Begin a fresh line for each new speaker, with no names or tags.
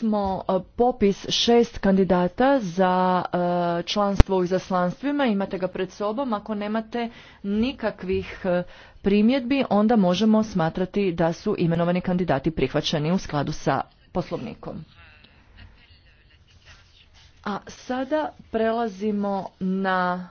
smo e, popis šest kandidata za e, članstvo u izaslanstvima, imate ga pred sobom, ako nemate nikakvih e, primjedbi, onda možemo smatrati da su imenovani kandidati prihvaćeni u skladu sa poslovnikom.
A sada prelazimo
na